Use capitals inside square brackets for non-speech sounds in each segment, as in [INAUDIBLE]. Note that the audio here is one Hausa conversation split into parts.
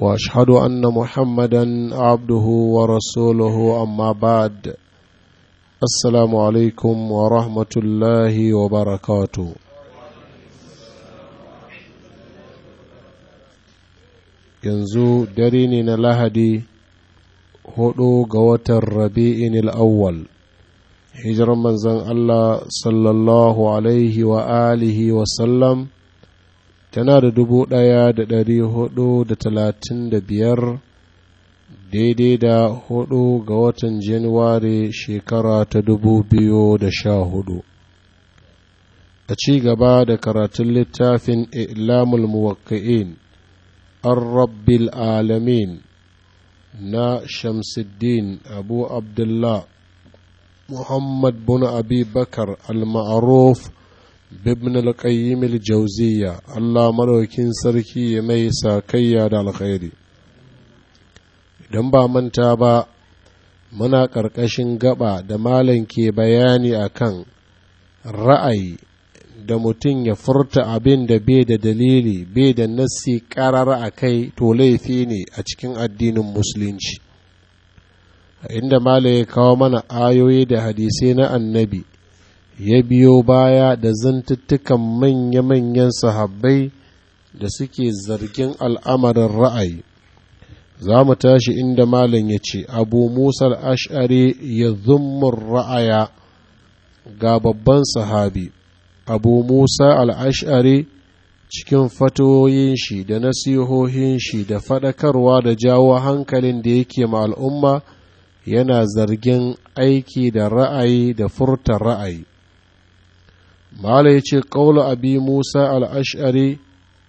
واشهد ان محمدا عبده ورسوله اما بعد السلام عليكم ورحمه الله وبركاته yanzu dare ne na lahadi hudu ga watan rabi'in al'awwal hijirar manzan allah sallallahu alaihi wa tana da dubu ɗaya da ɗari hudu da talatin da biyar daidai da hudu ga watan januwari shekara ta dubu biyu da sha hudu a ci gaba da karatun littafin ilamul muwakka'in an rabbil alamin na shamsuddin abu abdullah muhammad bin abi bakar al-ma'ruf bibin alƙayyimil jawziyya Allah maraukin sarki ya mai sakayya da alkhairi idan ba manta ba muna ƙarƙashin gaba da malam ke bayani akan ra'ayi da mutum ya furta abin da bai da dalili bai da nassi ƙarar a kai to laifi ne a cikin addinin musulunci inda malam ya kawo mana ayoyi da hadisai na annabi ya biyo baya da zantuttukan manya-manyan sahabbai da suke zargin al'amarin ra'ayi za mu tashi inda malam ya ce abu musar ash'ari ya zummun ra'aya ga babban sahabi abu musa al'ash'ari cikin fatoyin shi da nasihohin shi da faɗakarwa da jawo hankalin da yake ma al'umma yana zargin aiki da ra'ayi da furta ra'ayi Mala ya ce, Ƙaula abi Musa al’ashari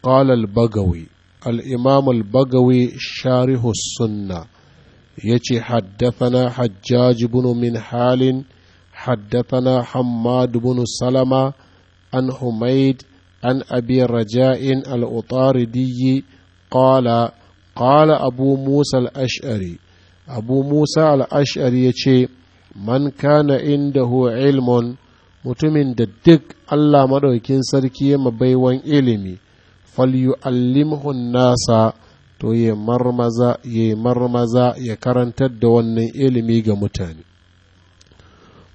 ƙalal bagawi, al’imamul bagawi sharihu sunna, ya ce, Haddathana hajjaji bunu min halin, haddathana Hammad bunu salama, an Humaid, an abi raja’in al’utaridiyi, ƙala, ƙala abu Musa al’ashari, abu Musa al’ashari ya ce, Man kana inda hu ilmun, mutumin da duk Allah maɗaukin sarki ya wani ilimi falyu'allimhun nasa to ya marmaza ya marmaza ya karantar da wannan ilimi ga mutane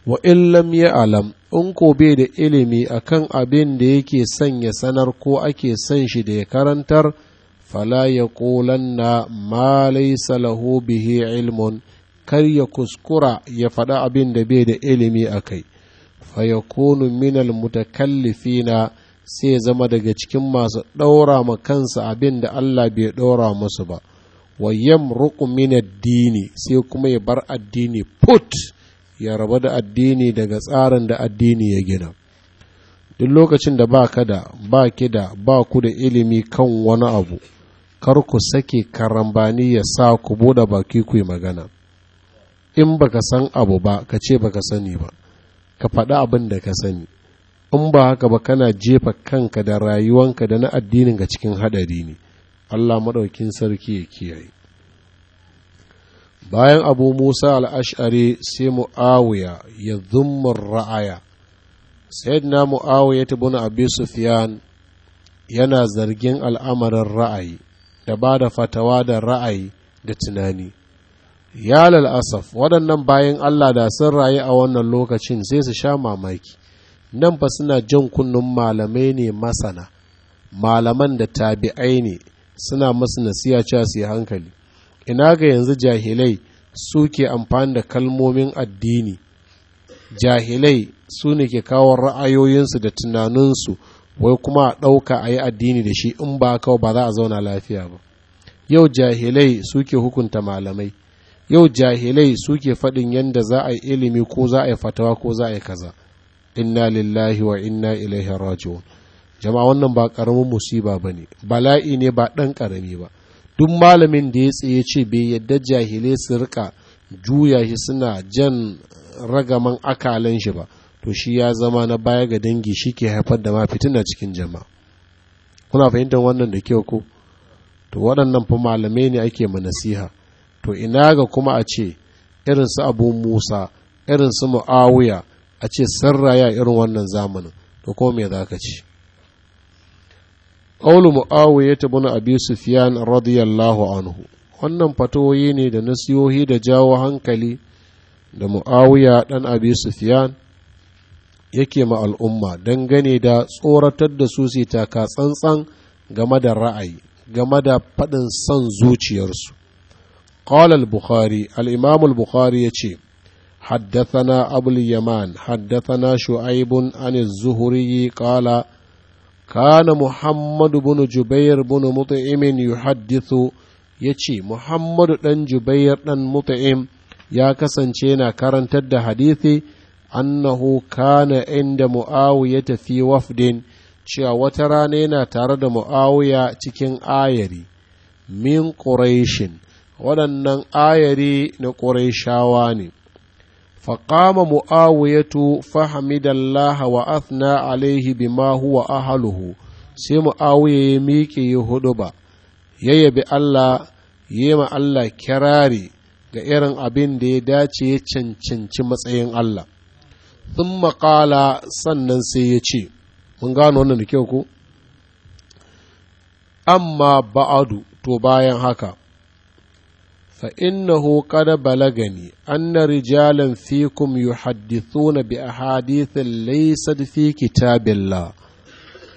wa illam ya alam in ko bai da ilimi akan abin da yake son ya sanar ko ake san shi da ya karantar fala ya ƙolanna ma malai lahu bihi ilmun kar ya kuskura ya faɗa abin da bai da ilimi a kai fa minal mutakallifina sai zama daga cikin masu ɗaura ma kansa abin da Allah bai ɗaura musu ba wa yamruqu min addini sai kuma ya bar addini put ya raba da addini daga tsarin da addini ya gina duk lokacin da ba ka da ba ki da ba ku da ilimi kan wani abu kar ku sake karambani ya sa ku bude baki ku yi magana in baka san abu ba ka ce baka sani ba ka faɗi abin da ka sani in ba haka ba kana jefa kanka da rayuwanka da na addinin ga cikin haɗari ne Allah maɗaukin sarki ya kiyaye bayan abu musa al'ash'ari sai mu'awiya ya zummin ra'aya sayyidina mu'awiya ta bin abi sufyan yana zargin al'amarin ra'ayi da ba da fatawa da ra'ayi da tunani ya asaf waɗannan bayan Allah da sun rayu a wannan lokacin sai su sha mamaki nan ba suna jan kunnun malamai ne masana malaman da tabi'ai ne suna masu nasiya cewa su yi hankali ina ga yanzu jahilai su ke amfani da kalmomin addini jahilai su ne ke kawo ra'ayoyinsu da tunaninsu wai kuma a ɗauka a yi addini da shi in ba kawai ba za a zauna lafiya ba yau jahilai su ke hukunta malamai yau jahilai suke faɗin yadda za a yi ilimi ko za a yi fatawa ko za a yi kaza inna lillahi wa inna ilaihi raji'un jama'a wannan ba ƙaramin musiba ba ne bala'i ne ba ɗan ƙarami ba duk malamin da ya tsaye ce bai yadda jahilai su rika juya shi suna jan ragaman akalan shi ba to shi ya zama na baya ga dangi shi ke haifar da ma fitina cikin jama'a kuna fahimtar wannan da kyau ko to waɗannan fa malamai ne ake ma nasiha to ina ga kuma a ce irin su abu musa irin su mu'awiya a ce sarraya irin wannan zamanin to kuma me za ka ci ƙaulu mu'awiya ta bin abi sufyan radiyallahu anhu wannan fatoyi ne da nasiyohi da jawo hankali da mu'awiya ɗan abi sufyan yake ma al'umma gane da tsoratar da su ka tsantsan game da ra'ayi game da faɗin son zuciyarsu قال البخاري الإمام البخاري يتشي حدثنا أبو اليمان حدثنا شعيب عن الزهري قال كان محمد بن جبير بن مطعم يحدث يتشي محمد بن جبير بن مطعم يا كسنشينا كرن تد حديثي أنه كان عند معاوية في وفد cewa wata rana yana tare da mu'awiya cikin ayari min ƙuraishin waɗannan ayari na ƙurayshawa ne faƙama mu'awiyatu fahamidallaha wa athna alaihi bima huwa ahaluhu sai mu'awiya ya miƙe ya hudu ba ya yabi Allah ya ma Allah kirari ga irin abin da ya dace ya cancanci matsayin Allah sun maƙala sannan sai ya ce mun gano wannan da kyau ko. amma ba'adu to bayan haka fa innahu qad balagani anna rijalan fikum yuhaddithuna bi ahadithin laysat fi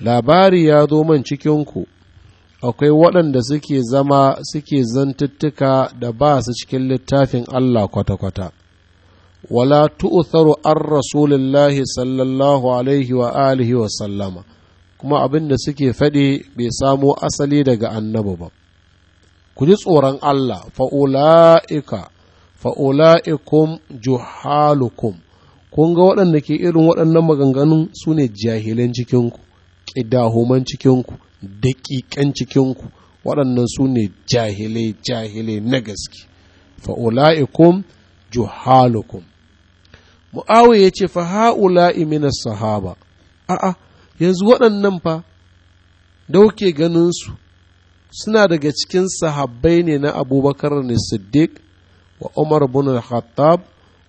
labari ya zo man cikin ku akwai waɗanda suke zama suke zantuttuka da ba su cikin littafin Allah kwata-kwata wala tu'tharu an rasulillahi sallallahu alaihi wa alihi wa sallama kuma abin da suke faɗi bai samo asali daga annabi ba ku ji tsoron Allah fa'ula'ika fa'ula'ikum juhalukum kun ga waɗanda ke irin waɗannan maganganun su ne jahilan cikinku ƙidahoman cikinku daƙiƙan cikinku waɗannan su ne jahilai jahilai na gaske fa'ula'ikum juhalukum Mu'awai ya ce fa minas sahaba a'a yanzu waɗannan fa dauke ganinsu suna daga cikin sahabbai ne na abubakar ne siddiq wa umar bin khattab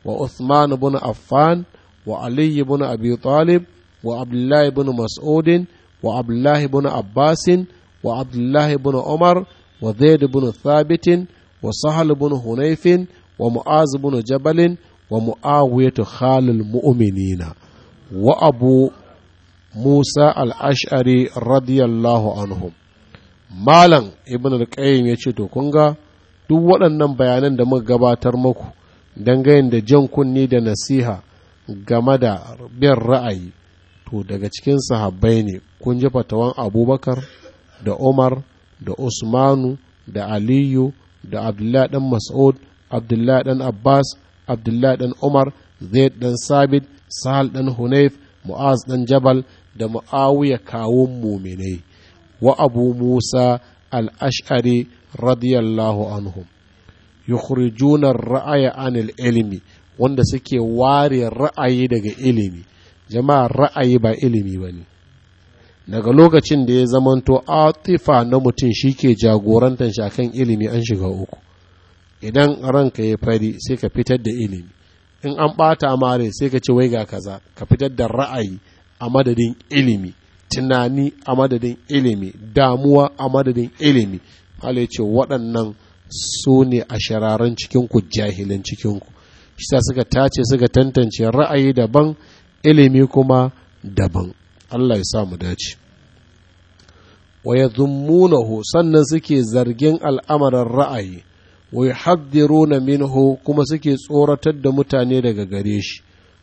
wa uthman bin affan wa ali bin abi talib wa abdullahi bin mas'udin wa abdullahi bin abbasin wa abdullahi bin umar wa zaid bin thabitin wa sahal bin Hunaifin wa mu'az bin jabalin wa mu'awiyatu khalil mu'minina wa abu musa al-ash'ari radiyallahu anhum malam ibn al-qayyim ya ce to kun ga duk waɗannan bayanan da muka gabatar muku dangane da jan kunni da nasiha game da bin ra'ayi to daga cikin sahabbai ne kun ji fatawan abubakar da umar da usmanu da aliyu da abdullahi dan mas'ud abdullahi dan abbas abdullahi dan umar zaid ɗan sabit sahal ɗan Hunaif mu'az ɗan jabal da mu'awiya kawun muminai wa abu musa al'ash'ari radiyallahu anhu yukhrijuna ra'aya anil ilimi wanda suke ware ra'ayi daga ilimi jama'a ra'ayi ba ilimi ba ne daga lokacin da ya zamanto atifa na mutum shi ke jagorantar shi akan ilimi an shiga uku idan ranka ya fari sai ka fitar da ilimi in an ɓata mare sai ka ce wai ga kaza ka fitar da ra'ayi a madadin ilimi tunani a madadin ilimi damuwa a madadin ilimi Allah ce waɗannan su ne a shararan cikinku jahilan cikinku shi sa suka tace suka tantance ra'ayi daban ilimi kuma daban Allah ya sa mu dace wa yadhummunahu sannan suke zargin al'amarin ra'ayi wa na minhu kuma suke tsoratar da mutane daga gare shi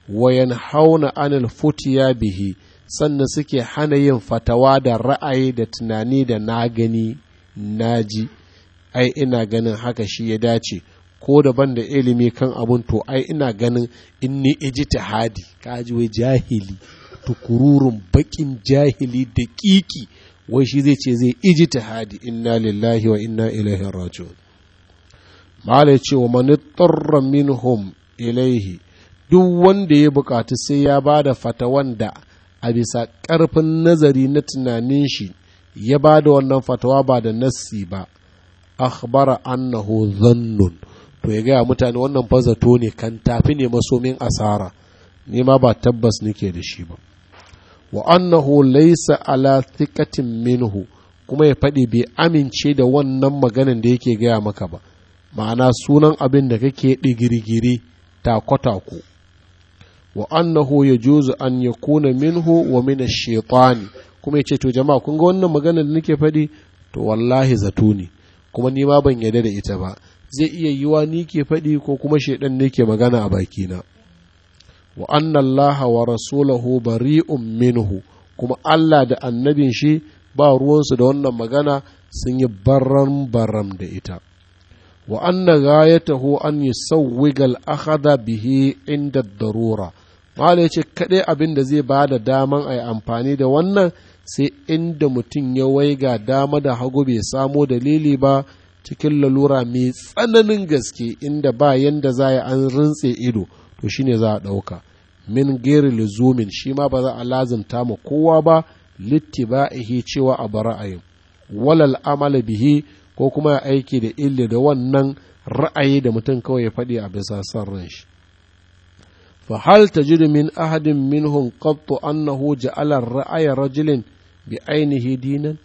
wa hauna anil futiya bihi sannan suke hana yin fatawa da ra'ayi da tunani da na gani na ji ai ina ganin haka shi ya dace ko daban da ilimi kan abun to ai ina ganin in ni hadi. kaji wai jahili tukururun bakin jahili da kiki wai shi zai ce zai hadi inna lillahi wa inna ilaihi raji'un malai ce wa man tarra minhum ilaihi duk wanda ya bukatu sai ya bada fatawan da a bisa ƙarfin nazari na tunanin shi ya ba da wannan fatawa ba da nassi ba akhbara annahu zannun to ya gaya mutane wannan fazato ne kan tafi ne masomin asara ne ma ba tabbas nake da shi ba wa annahu laysa ala thiqatin minhu kuma ya faɗi bai amince da wannan maganin da yake gaya maka ba ma'ana sunan abin da kake digirgiri tako-tako wa annahu yajuzu an yakuna minhu wa min ash-shaytani kuma yace to jama'a kun ga wannan magana da nake faɗi to wallahi zato ne kuma ni ma ban yarda da ita ba zai iya yiwa ni ke faɗi ko kuma shaidan ne ke magana a bakina wa anna Allah wa rasuluhu bari'un minhu kuma Allah da annabin shi ba ruwansu da wannan magana sun yi baran baram da ita wa anna ghayatahu an yusawwiga al-akhadha bihi inda darura ma'ala ya ce kaɗai abin da zai ba da daman a yi amfani da wannan sai inda mutum ya waiga dama da hagu bai samo dalili ba cikin lalura mai tsananin gaske inda ba yanda za a an rintse ido to shine za a ɗauka min gere lizumin shi ma ba za a lazimta ma kowa ba littiba'ihi cewa a ra'ayin walal amala bihi ko kuma aiki da illa da wannan ra'ayi da mutum kawai ya faɗi a bisa son ran فهل تجد من أحد منهم قط أنه جعل الرأي رجل بعينه دينا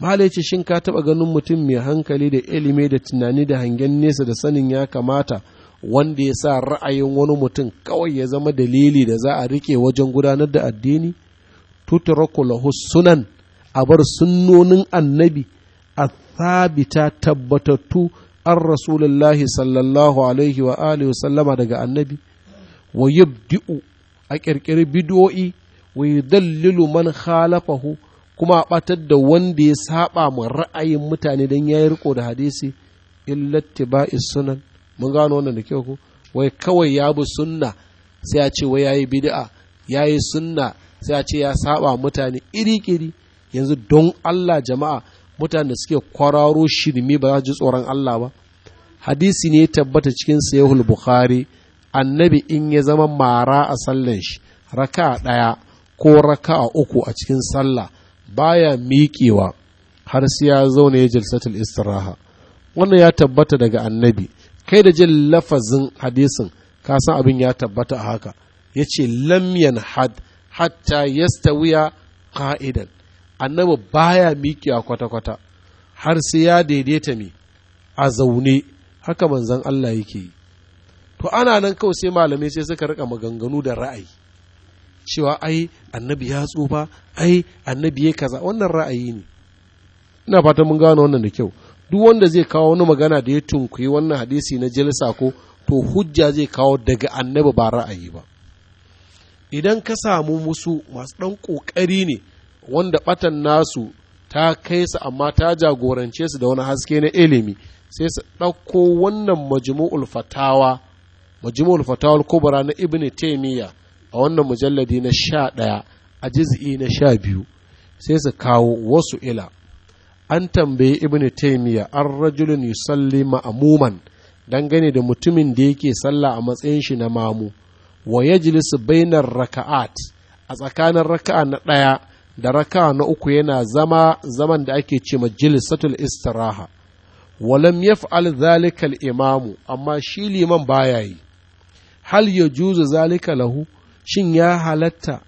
malai ce shin ka taɓa ganin mutum mai hankali da ilimi da tunani da hangen nesa da sanin ya kamata wanda ya sa ra'ayin wani mutum kawai ya zama dalili da za a rike wajen gudanar da addini tutraku lahu sunan a bar sunnonin annabi a thabita tabbatattu an rasulullahi sallallahu alaihi wa alihi daga annabi wa yabdi'u a ƙirƙiri bidoi wa yudallilu man khalafahu kuma a ɓatar da wanda ya saba ma ra'ayin mutane don ya yi riko da hadisi illatti ba'i sunan mun gano wannan da kyau ko wai kawai ya bi sunna sai ya ce wai ya yi bid'a ya yi sunna sai ya ce ya saba mutane iri-iri yanzu don Allah jama'a mutane da suke kwararo shirme ba za ji tsoron Allah ba hadisi ne ya tabbata cikin sahihul bukhari annabi in ya zama mara a sallan shi raka ɗaya ko raka uku a cikin sallah baya miƙewa har sai ya zauna ya jalsatul istiraha wannan ya tabbata daga annabi kai da jin lafazin hadisin ka san abin ya tabbata a haka ya ce lamyan had hatta yastawiya ka'idan annabi baya miƙewa kwata-kwata har sai ya daidaita mi a zaune haka manzon Allah yake yi to ana nan kawai sai malamai sai suka rika maganganu da ra'ayi cewa ai annabi ya tsufa ai annabi ya kaza wannan ra'ayi ne ina fatan mun gano wannan da kyau duk wanda zai kawo wani magana da ya tunkuyi wannan hadisi na jalsa ko to hujja zai kawo daga annabi ba ra'ayi ba idan ka samu musu masu ɗan ƙoƙari ne wanda ɓatan nasu ta kai su amma ta jagorance su da wani haske na ilimi sai su ɗauko wannan majmu'ul fatawa majmu'ul fatawul kubra na ibn taymiya a wannan mujalladi na sha ɗaya a juz'i na sha biyu sai su kawo wasu ila an tambayi ibn taymiya an rajulun yusalli ma'amuman dangane da mutumin da yake sallah a matsayin shi na mamu wa yajlisu bainar raka'at a tsakanin raka'a na ɗaya da raka'a na uku yana zama zaman da ake ce majlisatul istiraha walam yaf'al dhalika al-imamu amma shi liman baya yi hal ya juzu zalika lahu shin ya halatta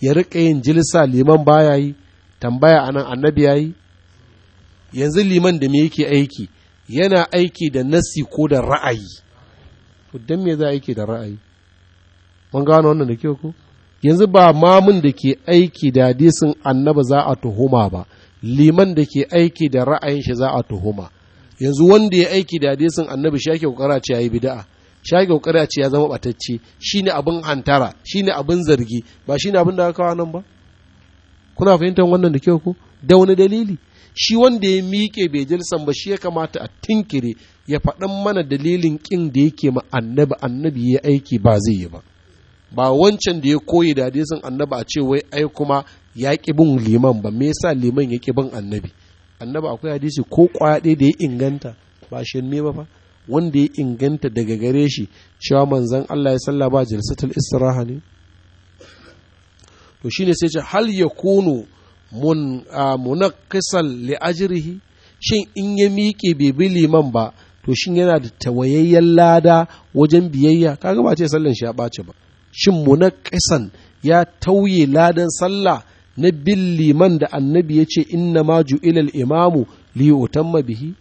ya riƙa yin jilsa liman baya yi tambaya anan annabi ya yi yanzu liman da me yake aiki yana aiki da nasi ko da ra'ayi to dan me za aiki da ra'ayi mun gano wannan da kyau ko yanzu ba mamun da ke aiki da hadisin annaba za a tuhuma ba liman da ke aiki da ra'ayin shi za a tuhuma yanzu wanda ya aiki da hadisin annabi shi ake kokara ce yayi bid'a shi kokari a ce ya zama batacce shine abin hantara shine abin zargi ba shine abin da aka kawo nan ba kuna fahimtar wannan da kyau ko da wani dalili shi wanda ya miƙe bai jilsan ba shi ya kamata a tinkire ya faɗan mana dalilin ƙin da yake ma annabi annabi ya aiki ba zai yi ba ba wancan da ya koyi da san annabi a ce wai ai kuma ya ƙi bin liman ba me yasa liman ya ƙi bin annabi annabi akwai hadisi ko kwaɗe da ya inganta ba ne ba fa wanda ya inganta daga gare shi cewa manzan Allah ya salla ba jalsatul istiraha ne to shine sai ce hal ya mun munaqqisal li ajrihi shin in ya miƙe bai bi liman ba to shin yana da tawayayyen lada wajen biyayya kaga ba ce sallan shi ya ɓace ba shin munaqqisan ya tauye ladan sallah na bin liman da annabi ya ce inna ma ju'ilal imamu li yutamma bihi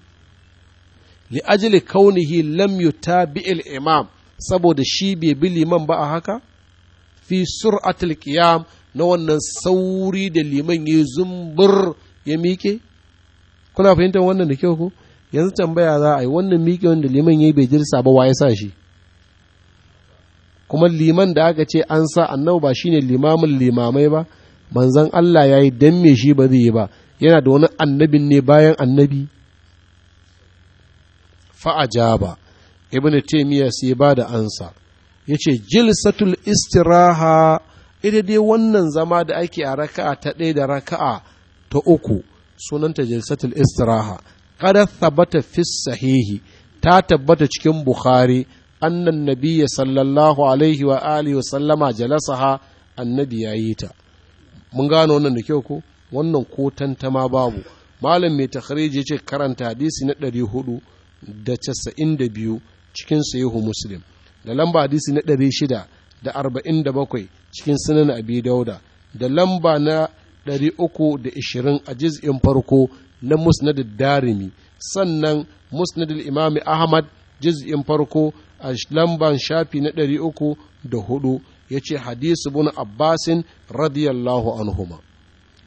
li ajli kaunihi lam yutabi'il imam saboda shi bai bi liman ba a haka fi sur'atul qiyam na wannan sauri da liman ya zumbur ya miƙe kuna fahimtar wannan da kyau ko yanzu tambaya za a yi wannan mike wanda liman ya yi bai jirsa ba ya sa shi kuma liman da aka ce an sa annabi ba shine limamin limamai ba manzon Allah ya yi me shi ba zai yi ba yana da wani annabin ne bayan annabi fa'ajaba ibn taimiyya sai ba da ansa yace jilsatul istiraha ita dai wannan zama da ake a raka'a ta ɗaya da raka'a ta uku sunanta jilsatul istiraha qad tabbata fi sahihi ta tabbata cikin bukhari annan nabiya sallallahu alaihi wa alihi wa sallama jalasaha annabi ya yi ta mun gano wannan da kyau ko wannan ko tantama babu malam mai ya ce karanta hadisi na hudu da casa'in da biyu cikin sahihu muslim da lamba hadisi na ɗari shida da arba'in da bakwai cikin sunan abi dauda da lamba na ɗari uku da ishirin a jiz'in farko na musnadin darimi sannan musnadin imami ahmad jiz'in farko a lamban shafi na ɗari uku da hudu ya ce hadisu bun abbasin radiyallahu anhuma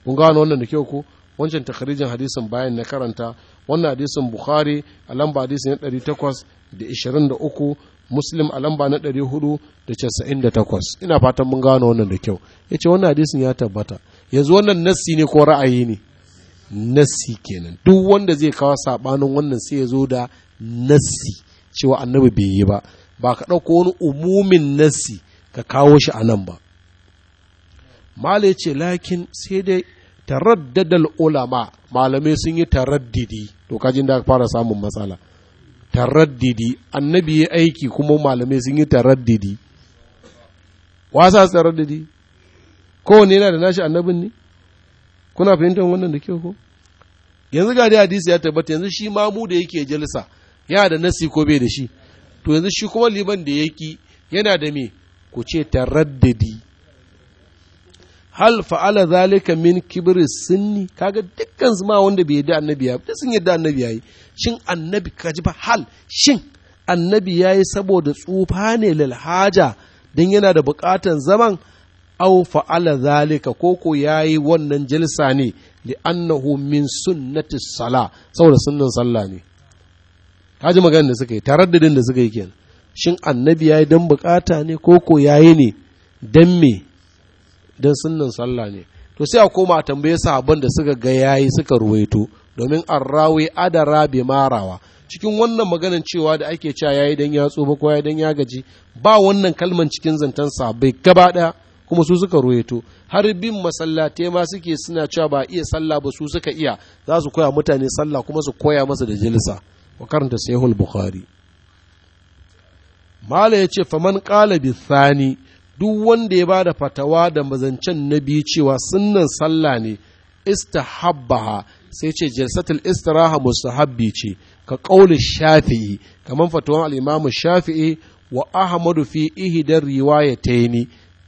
kun gano wannan da kyau ko wancan takarijin hadisin bayan na karanta wannan hadisin bukhari a lamba hadisin na 823 muslim a lamba na ɗari hudu da 498 ina fatan mun gano wannan da kyau ya ce wannan hadisin ya tabbata yanzu wannan nassi ne ko ra'ayi ne nassi kenan duk wanda zai kawo saɓanin wannan sai ya zo da nassi cewa annabi bai yi ba ba ka ɗauko wani umumin nassi ka kawo shi a nan ba mala ce lakin sai dai taraddadal ulama malamai sun yi taraddidi to kajin da fara samun matsala taraddidi annabi ya aiki kuma malamai sun yi taraddidi wasa su taraddidi kowane yana da nashi annabin ne kuna fahimtar wannan da kyau ko yanzu ga dai hadisi ya tabbata yanzu shi mu da yake jalsa yana da nasi ko bai da shi to yanzu shi kuma liban da yake yana da me ku ce taraddidi. hal fa'ala zalika min kibir sunni kaga dukkan su ma wanda bai yadda annabi ya sun yadda annabi yayi shin annabi kaji ba hal shin annabi yayi saboda tsufa ne lil haja dan yana da bukatan zaman aw fa'ala zalika koko yayi wannan jalsa ne annahu min sunnati sala saboda sunnan sallah ne kaji maganar da suka yi taraddadin da suka yi kenan shin annabi yayi dan bukata ne koko yayi ne dan me don sunnan sallah ne to sai a koma a tambaye sahabban da suka ga yayi suka ruwaito domin arrawi adara bi marawa cikin wannan maganan cewa da ake cewa yayi dan ya tsoba ko yayi dan ya gaji ba wannan kalman cikin zantan sahabbai gaba daya kuma su suka ruwaito har bin masallatai ma suke suna cewa ba iya sallah ba su suka iya za su koya mutane sallah kuma su koya masa da jilsa wa karanta sahihul bukhari mala yace faman qala bi thani duk wanda ya ba da fatawa da mazancen na biyu cewa sunnan sallah ne istahabbaha sai ce jalsatul istiraha mustahabbi ce ka qauli shafi'i kamar fatawan al shafi'i wa ahmadu fi ihdar ni.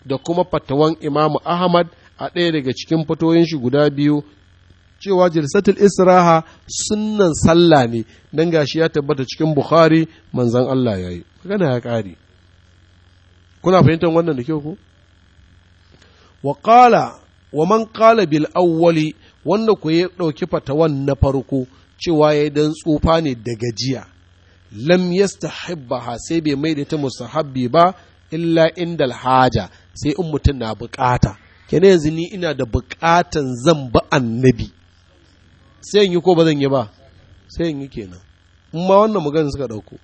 da kuma fatawan imam ahmad a ɗaya daga cikin fatoyin shi guda biyu cewa jalsatul istiraha sunnan sallah ne dan gashi ya tabbata cikin bukhari manzon Allah yayi magana ya kare kuna fahimtar wannan da kyau ku wa qala wa man qala bil awwali wanda ku ya dauki fatawan na farko cewa ya dan tsufa ne da gajiya lam yastahibbaha sai bai mai da ta mustahabbi ba illa indal haja sai in mutum na bukata kene yanzu ni ina da bukatan zan bi annabi sai in yi ko ba zan yi ba sai in yi kenan in wannan magana suka dauko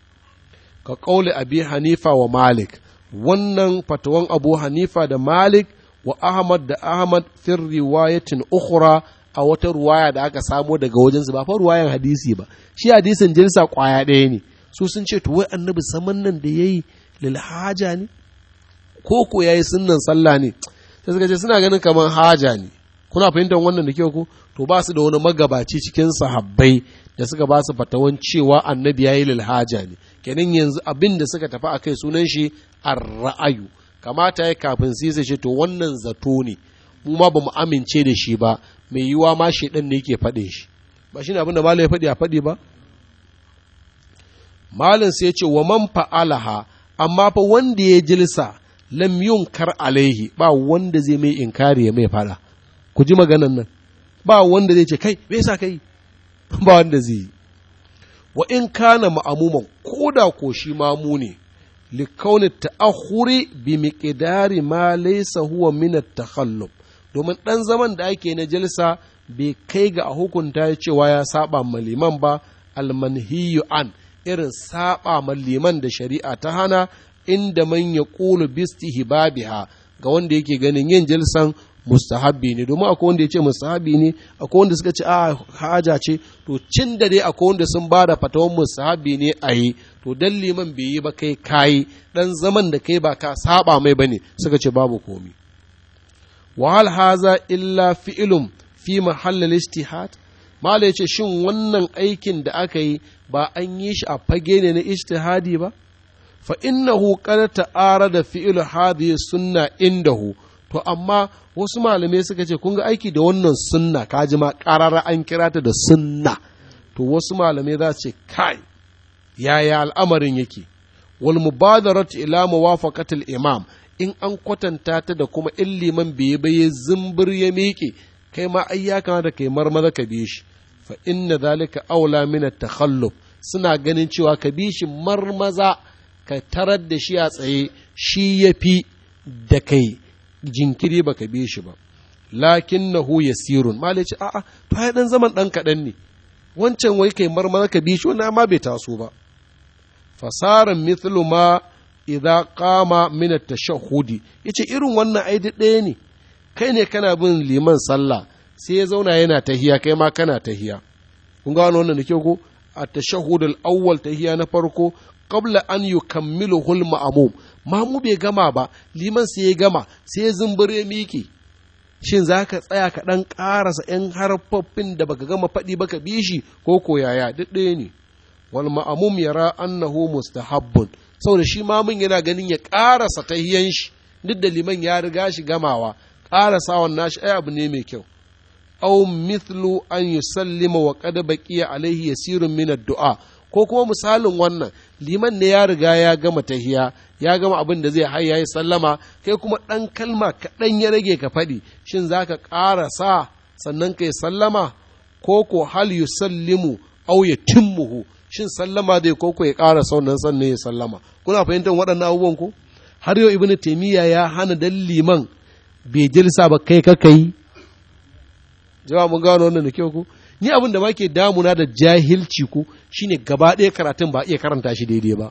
ka kauli abi hanifa wa malik wannan fatawan abu hanifa da malik wa ahmad da ahmad fir riwayatin ukhra a wata ruwaya da aka samo daga wajensu ba fa ruwayan hadisi ba shi hadisin jinsa kwaya ɗaya ne su sun ce to wai annabi saman nan da yayi lil haja ne ko ko yayi sunnan sallah ne sai suka ce suna ganin kamar haja ne kuna fahimtar wannan da kyau ko to ba su da wani magabaci cikin sahabbai da suka ba su fatawan cewa annabi yayi lil haja ne kenan yanzu abin da suka tafi kai sunan shi ar-ra'ayu kamata ya kafin sai zai ce to wannan zato ne mu ma bamu amince da shi ba mai yiwa ma shedan ne yake faɗin shi ba shine abin da malam ya faɗi a faɗi ba malam sai ya ce wa man fa'alaha amma fa wanda ya jilsa lam yunkar alaihi ba wanda zai mai inkari ya mai fada ku ji maganan nan ba wanda zai ce kai me yasa kai [LAUGHS] ba wanda zai yi wa in kana ma'amuman ko da ko shi mamu ne likauni ta'ahuri bi miqdari ma laysa huwa min at domin ɗan zaman da ake na jalsa bai kai ga a hukunta cewa ya saba liman ba almanhiyu an irin saba liman da shari'a ta hana inda man yaqulu bistihibabiha ga wanda yake ganin yin jalsan mustahabbi ne domin akwai wanda ya ce mustahabbi ne akwai wanda suka ce a haja ce to cin da dai akwai wanda sun ba da fatawan mustahabbi ne a yi to dan liman bai yi ba kai kayi dan zaman da kai ba ka saba mai bane suka ce babu komi wa hal haza illa fi'lum fi mahallil istihad mala yace shin wannan aikin da aka yi ba an yi shi a fage ne na istihadi ba fa innahu qad da fi'lu hadhihi sunna indahu to amma wasu malamai suka ce kun ga aiki da wannan sunna ka ma karara an kira ta da sunna to wasu malamai za su ce kai yaya al'amarin yake wal mubadarat ila muwafaqatil imam in an kwatanta ta da kuma in liman bai baye zumbir ya miƙe kai ma ai ya kamata kai marmaza ka bi shi fa inna zalika aula min takhalluf suna ganin cewa ka bi shi marmaza ka tarar da shi a tsaye shi yafi da kai jinkiri ba ka bi shi ba lakinnahu yasirun ce a'a to ya dan zaman ɗan kaɗan ne wancan wai kai marmaza ka bi shi wannan ma bai taso ba fasarin mithlu ma idza qama min at-tashahhudi yace irin wannan aidi ɗaya ne kai ne kana bin liman sallah sai ya zauna yana tahiya kai ma kana tahiya kun gano wannan da ko at-tashahhud al-awwal tahiya na farko qabla an yukammilu hul ma'mum mamu bai gama ba liman sai ya gama sai ya zumbure miki shin za ka tsaya ka ɗan ƙarasa ‘yan harfaffin da baka gama faɗi baka bi shi ko koyaya duk ɗaya ne wal ma'amum yara annahu mustahabbun saboda shi ma mun yana ganin ya karasa tahiyan shi duk da liman ya riga shi gamawa wannan shi ai abu ne mai kyau aw mithlu an yusallima wa qad baqiya alaihi yasirun min ad-du'a ko kuma misalin wannan liman ne ya riga ya gama tahiya ya gama abin da zai har yi sallama kai kuma dan kalma kaɗan ya rage ka faɗi shin zaka ƙarasa sannan kai sallama ko ko hal yusallimu aw yatimmuhu shin sallama zai ko ya ƙara saunan sannan ya sallama kuna fahimtar waɗannan abubuwan ko har yau ibnu taimiyya ya hana dan liman bai jilsa ba kai kaka yi jama'a mun gano wannan da kyau ko ni abin da ke damuna da jahilci ko shine gaba ɗaya karatun ba iya karanta shi daidai ba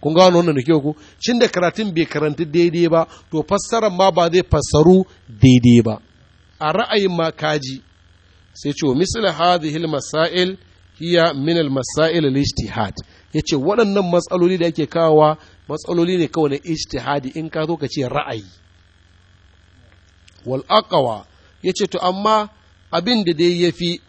kun gano wannan da kyau ko shin da karatun bai karanta daidai ba to fassarar ma ba zai fassaru daidai ba a ra'ayin ma kaji sai ce misal hadhihi masail hiya min al-masail al-ijtihad yace waɗannan matsaloli da yake kawowa matsaloli ne kawai na ijtihadi in ka zo ka ce ra'ayi wal aqwa yace to amma abin da dai yafi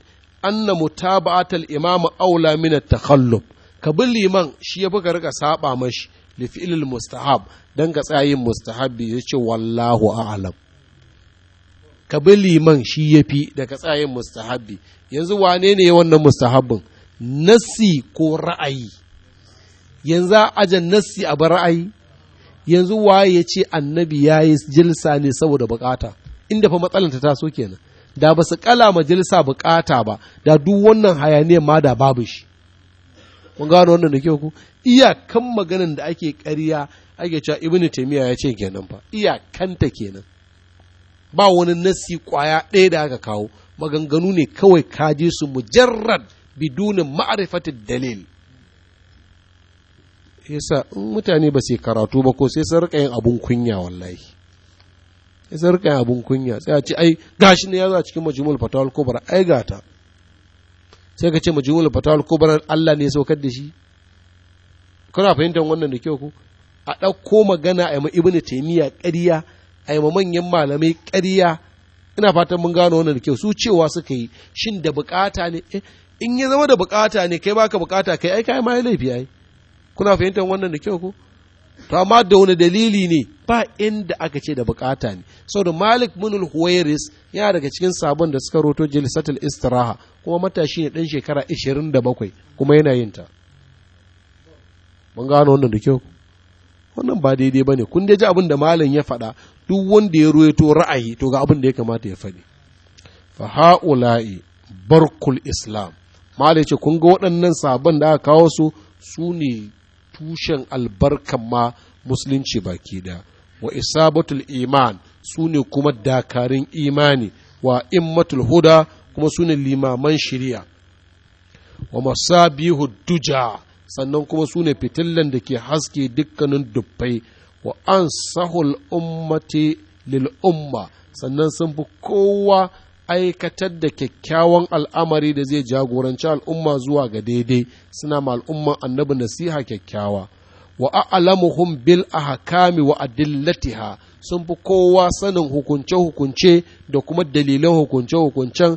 anna mutaba'at al-imam aula min at-takhallub ka bin liman shi ya buga rika saba mashi li al mustahab dan ga tsayin mustahabi yace wallahu a'lam ka liman shi yafi daga tsayin mustahabbi yanzu wane ne wannan mustahabbin nassi ko ra'ayi yanzu a ajin nassi a bar ra'ayi yanzu waye ya ce annabi ya yi jilsa ne saboda bukata inda fa matsalanta ta taso kenan da ba su kala ma jilsa bukata ba da duk wannan hayaniyar ma da babu shi kun gano wannan da kyau ku iyakan maganan da ake ƙarya ake cewa ibnu taymiya ya ce kenan fa iyakanta kenan ba wani nassi kwaya ɗaya da aka kawo maganganu ne kawai kaji su mujarrad biduni ma'arifatin dalil yasa in mutane ba su karatu ba ko sai sun rika yin abun kunya wallahi sai sun rika yin abun kunya sai a ce ai gashi ne ya zo a cikin majmul fatawul kubra ai gata sai ka ce majmul fatawul kubra Allah ne ya saukar da shi kana fahimtar wannan da kyau ko a ɗauko magana a yi ma ibnu taymiya ƙarya a yi ma manyan malamai ƙarya ina fatan mun gano wannan da kyau su cewa suka yi shin da bukata ne eh, in ya zama da bukata ne kai baka bukata kai ai kai ma ya laifi ai kuna fahimtar wannan da kyau ko to amma da wani dalili ne ba inda aka ce da bukata ne saboda malik munul huwairis yana daga cikin sabon da suka roto jilsatul istiraha kuma matashi ne dan shekara 27 kuma yana yin ta mun gano wannan da kyau wannan ba daidai bane kun dai ji abin da malam ya faɗa duk wanda ya ruwaito ra'ayi to ga abin da ya kamata ya faɗi fa ha'ula'i barkul islam malai ce kun ga waɗannan sabon da aka kawo su su ne tushen albarkan ma musulunci baki da wa isabatul iman su ne kuma dakarin imani wa immatul huda kuma su ne limaman shirya wa masabihu duja sannan kuma su ne fitillan da ke haske dukkanin dubbai wa an sahul ummati lil umma sannan sun fi kowa aikatar da kyakkyawan al'amari da zai jagoranci al'umma zuwa ga daidai suna ma al'umman annabi nasiha kyakkyawa wa a'lamuhum bil ahkami wa adillatiha sun fi kowa sanin hukunce-hukunce da kuma dalilan hukunce-hukuncen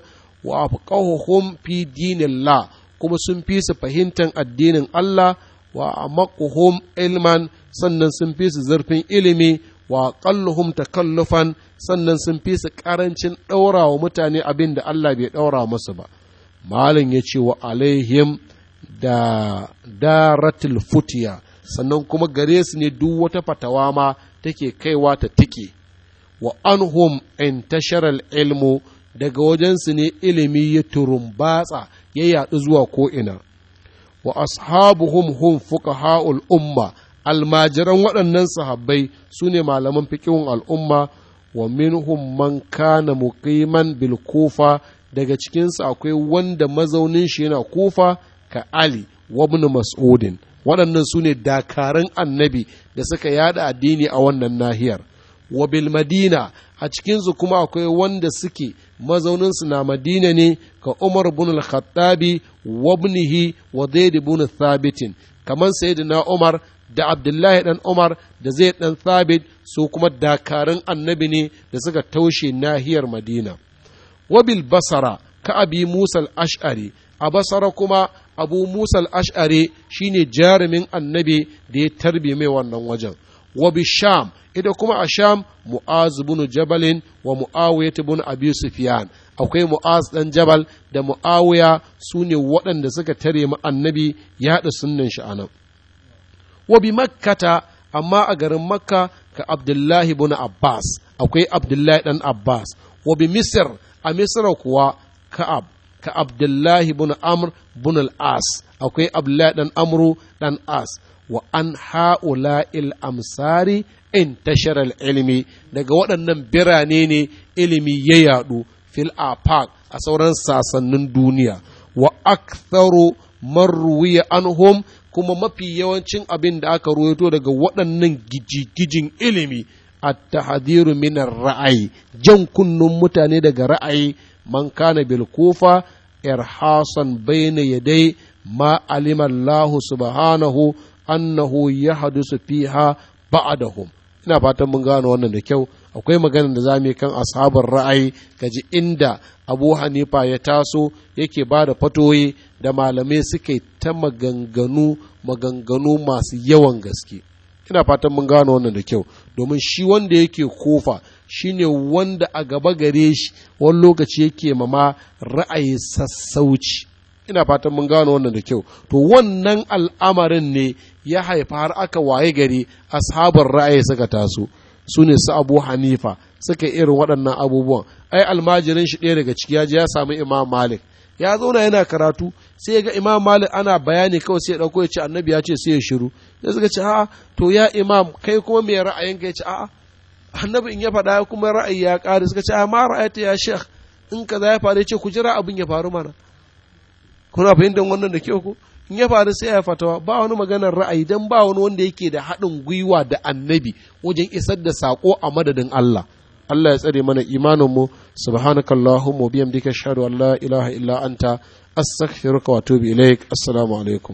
wa afqahuhum fi dinillah kuma sun fi su fahimtar addinin Allah wa amaquhum ilman sannan sun fi su zurfin ilimi wa qalluhum takallufan sannan sun fi su karancin daura wa mutane abin da Allah bai daura musu ba malin ya ce wa alaihim da daratul futiya sannan kuma gare su ne duk wata fatawa ma take kaiwa ta tike wa anhum intashara ilmu daga wajensu ne ilimi ya turumbatsa ya yaɗu zuwa ko'ina wa ashabuhum hum fuqaha'ul umma almajiran waɗannan sahabbai su ne malaman fikihun al'umma wa minhum man kana muqiman bil daga cikinsu akwai wanda mazaunin shi yana kufa ka ali wa bin mas'udin waɗannan su ne dakarun annabi da suka yada addini a wannan nahiyar wa bil madina a cikinsu kuma akwai wanda suke mazauninsu na madina ne ka umar bin al-khattabi wa ibnihi wa zaid bin thabitin kamar sayyidina umar da abdullahi ɗan umar da zai ɗan thabit su kuma dakarun annabi ne da suka taushe nahiyar madina wabil basara ka abi musal ash'ari a basara kuma abu musal ash'ari shine jarumin annabi da ya tarbe mai wannan wajen wabi sham ita kuma a sham mu'az bin jabalin wa mu'awiyat bin abi sufyan akwai mu'az dan jabal da mu'awiya sune waɗanda suka tare mu annabi ya sunnan shi anan wa makkata amma a garin makka ka abdullahi bin abbas akwai abdullahi dan abbas Wabi bi misir a misra kuwa ka'ab ka abdullahi bin amr bin al-as akwai abdullahi dan amru dan as wa an ha'ula il amsari in tashar ilimi daga waɗannan birane ne ilimi ya yaɗu fil afaq a sauran sasannin duniya wa aktharu man anhum kuma mafi yawancin abin da aka ruwaito daga waɗannan gijigijin ilimi a tahdhiru minar raayi jan kunnun mutane daga ra'ayi man kana bil kufa irhasan bayna yadai ma alima Allah subhanahu annahu yahdusu fiha ba'adahu. ina fatan mun gano wannan da kyau akwai magana da za mu yi kan ashabar ra'ayi gaji inda abu hanifa ya taso yake ba da fatoyi da malamai suke ta maganganu maganganu masu yawan gaske ina fatan mun gano wannan da kyau domin shi wanda yake kofa shine wanda a gaba gare shi wani lokaci yake mama ra'ayi sassauci ina fatan mun gano wannan da kyau to wannan al'amarin ne ya haifa har aka waye gari ashabar ra'ayi suka taso su ne su abu hanifa suka irin waɗannan abubuwan ai almajirin shi ɗaya daga ciki ya je ya samu imam malik ya zauna yana karatu sai ga imam malik ana bayani kawai sai ya ɗauko ya ce annabi ya ce sai ya shiru sai suka ce a'a to ya imam kai kuma me ka ya ce a'a annabi in ya faɗa kuma ra'ayi ya ƙare suka ce a ma ra'ayta ya sheikh in kaza ya faru ya ce ku jira abin ya faru mana kuna fahimtar wannan da kyau ko in ya faru sai ya fatawa ba wani maganar ra'ayi dan ba wani wanda yake da haɗin gwiwa da annabi wajen isar da saƙo a madadin Allah Allah ya tsare mana imaninmu subhanakallahumma biyamdika ashhadu an la ilaha illa anta astaghfiruka wa atubu ilaik assalamu alaikum